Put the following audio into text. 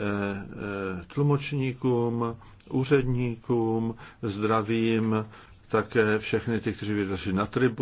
Eh, eh, tlumočníkům, úředníkům, zdravím také všechny ty, kteří vydrží na tribunu.